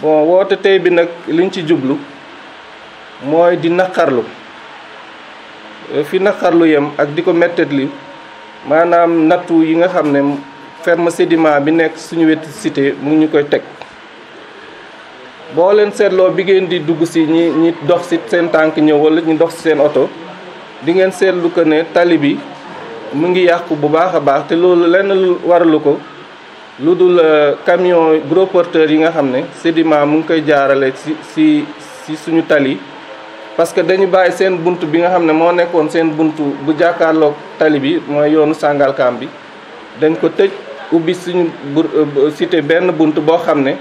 bon woote tey bi nag liñ ci jublu mooy di naqarlu eh, fi naqarlu yem ak di ko mettet li maanaam nattu yi nga xam ne ferme sédiment bi nekk suñu wetu cité mu ñu koy teg boo leen seetloo bi ngeen di dugg si ñi ñi dox si seen tànk ñëw wala ñu dox ci seen oto di ngeen seetlu ko ne tali bi mu ngi yàqu bu baax a baax te loolu lenn waralu ko lu dul euh, camion gros porteur yi nga xam ne sédiment mu ngi koy jaarale si si si suñu tali parce que dañu bàyyi seen bunt bi nga xam ne moo nekkoon seen bunt bu jàkkaarloog tali bi mooy yoonu Sangalkam bi dañ ko tëj ubbi suñu bu euh, cité benn bunt boo xam ne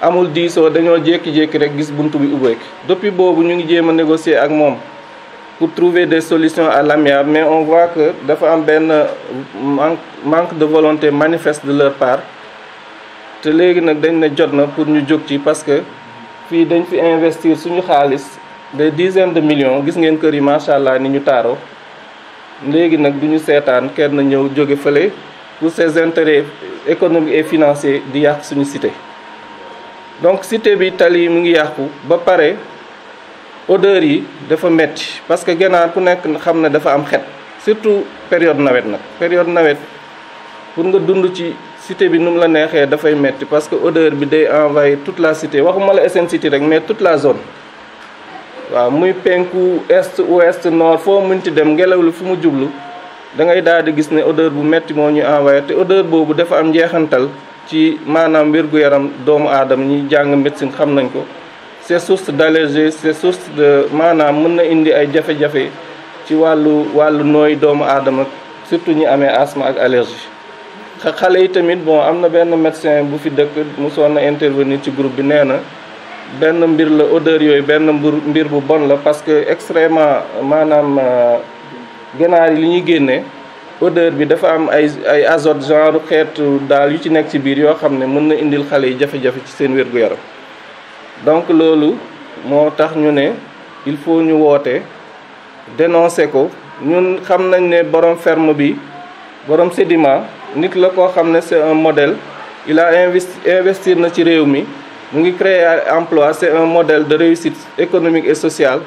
amul diisoo dañoo jékki-jékki rek gis bunt bi ubbeek depuis boobu ñu ngi jéem a négocier ak moom pour trouver des solutions à l'amiable mais on voit que dafa am benn manque manque de volonté manifest de leur part te léegi nag dañ ne jot na pour ñu jóg ci parce que fii dañ fi investir suñu xaalis des dizaines de millions gis ngeen kër yi macha allah ni ñu taaroo léegi nag du ñu seetaan kenn ñëw jóge fële pour ses intérêts économiques et financiers di yàq suñu cité donc cité bi tali mu ngi yàqu ba pare. odeur yi dafa metti parce que ganaar ku nekk xam na dafa am xet surtout période nawet nag période nawet pour nga dund ci cité bi nu mu la neexee dafay metti parce que odeur bi day envahir tout la cité waxuma la SN cité rek mais tout la zone waaw muy penku est ouest nord foo munti dem ngelaw li fu mu jublu da ngay daal di gis ne odeur bu metti moo ñu envoyé te odeur boobu dafa am njeexantal ci maanaam wér yaram doomu aadama ñi jàng médecine xam nañ ko c'est source d'allergie c'est source de maanaam mën na indi ay jafe-jafe ci wàllu wàllu nooy doomu aadama surtout ñi amee asthme ak allergie xale yi tamit bon am na benn médecin bu fi dëkk mosoon na intervenir ci groupe bi nee na benn mbir la odeur yooyu benn mbir mbir bu bon la parce que extrêmement maanaam euh, ganaar yi li ñuy génnee odeur bi dafa am ay ay azote genre xeetu daal yu ci nekk ci biir yoo xam ne mën na indil xale yi jafe-jafe ci seen wér-gu-yaram donc loolu moo tax ñu ne il faut ñu woote dénoncer ko ñun xam nañ ne borom ferme bi borom Sedima nit la koo xam ne c'est un modèle il a investir na ci réew mi mu ngi créer emploi c'est un modèle de réussite économique et sociale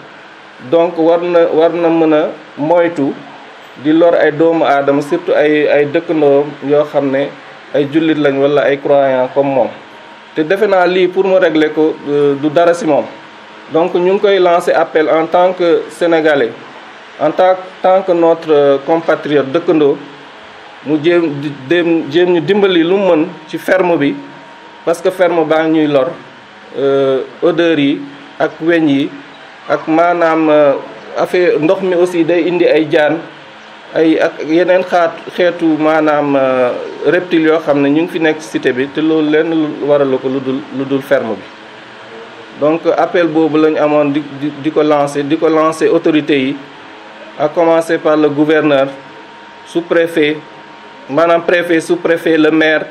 donc war na war na mën a moytu di lor ay doomu aadama surtout ay ay dëkkandoo yoo xam ne ay jullit lañ wala ay croyants comme moom te defe naa lii pour mu régler ko euh, du dara si moom donc ñu ngi koy lancer appel en tant que sénégalais en tant tant que notre euh, compatriote dëkkandoo mu jéem dem jéem ñu dimbali lu mën ci ferme bi parce que ferme baa ñuy lor euh, odeur yi ak weñ yi ak maanaam affaire ndox mi aussi day indi ay jaan ay ak yeneen xaat xeetu maanaam reptile yoo xam ne ñu ngi fi nekk cité bi te loolu lenn lu waralu ko lu dul lu dul ferme bi donc appel boobu la ñu amoon di di ko lancer di ko lancer autorités yi ak commencer par le gouverneur sous-préfet maanaam préfet sous-préfet le maire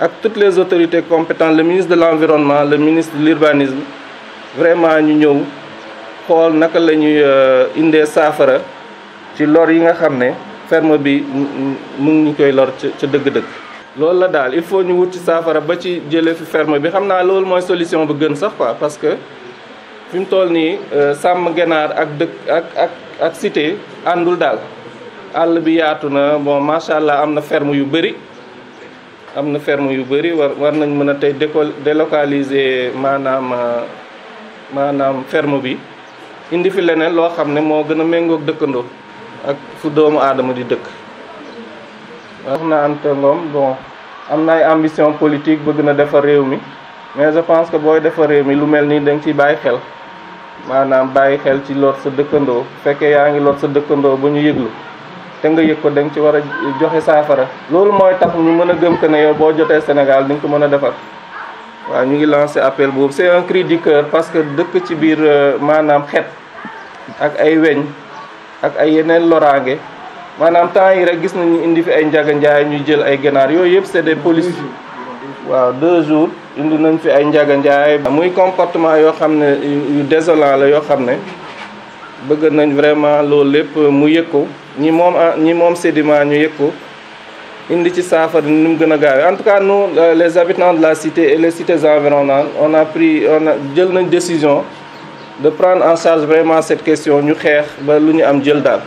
ak toutes les autorités compétentes le ministre de l'environnement la ministre de l'urbanisme vraiment ñu ñëw xool naka la ñuy euh, indee saafara ci lor yi nga xam ne ferme bi mu ngi ñu koy lor ca ca dëgg-dëgg. loolu la daal il faut ñu wuti ci saafara ba ci jëlee fi ferme bi xam naa loolu mooy solution bu gën sax ko parce que fi mu toll nii euh, sàmm ganaar ak dëkk ak ak ak cité àndul daal. àll bi yaatu na bon macha allah am na ferme yu bëri am na ferme yu bëri war war nañ mën a tey déco délocaliser maanaam euh, maanaam ferme bi indi fi leneen loo xam ne moo gën a méngoog dëkkandoo. ak fu doomu aadama di dëkk Soxna Anta Ngom bon am na ay ambition politique bëgg na defar réew mi mais je pense que booy defar réew mi lu mel nii danga nga ciy bàyyi xel maanaam bàyyi xel ci lor sa dëkkandoo fekkee yaa ngi lor sa dëkkandoo ba ñu yëglu te nga yëg ko danga ci war a joxe saafara loolu mooy tax mu mën a gëm que ne yow boo jotee Sénégal di nga ko mën a defar waaw ñu ngi lancé appel boobu c'est un cri du parce que dëkk ci biir euh, maanaam xet ak ay weñ ak ay yeneen loraange maanaam temps yi rek gis nañu indi fi ay njaga njaay ñuy jël ay ganaar yooyu yëpp c'est des polices waaw deux jours indi nañ fi ay njaga njaay muy comportement yoo xam ne yu désolant la yoo xam ne bëgg nañ vraiment loolu lépp mu yëg ko ñi moom a ñi moom Sedima ñu yëg ko indi ci saafara ni mu gën a gaawee en tout cas nous euh, les habitants la cité et les cités environnantes on a pris on a jël nañ décision de prendre en charge vraiment cette question ñu xeex ba lu ñu am jël daal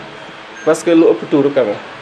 parce que lu ëpp tuuru quand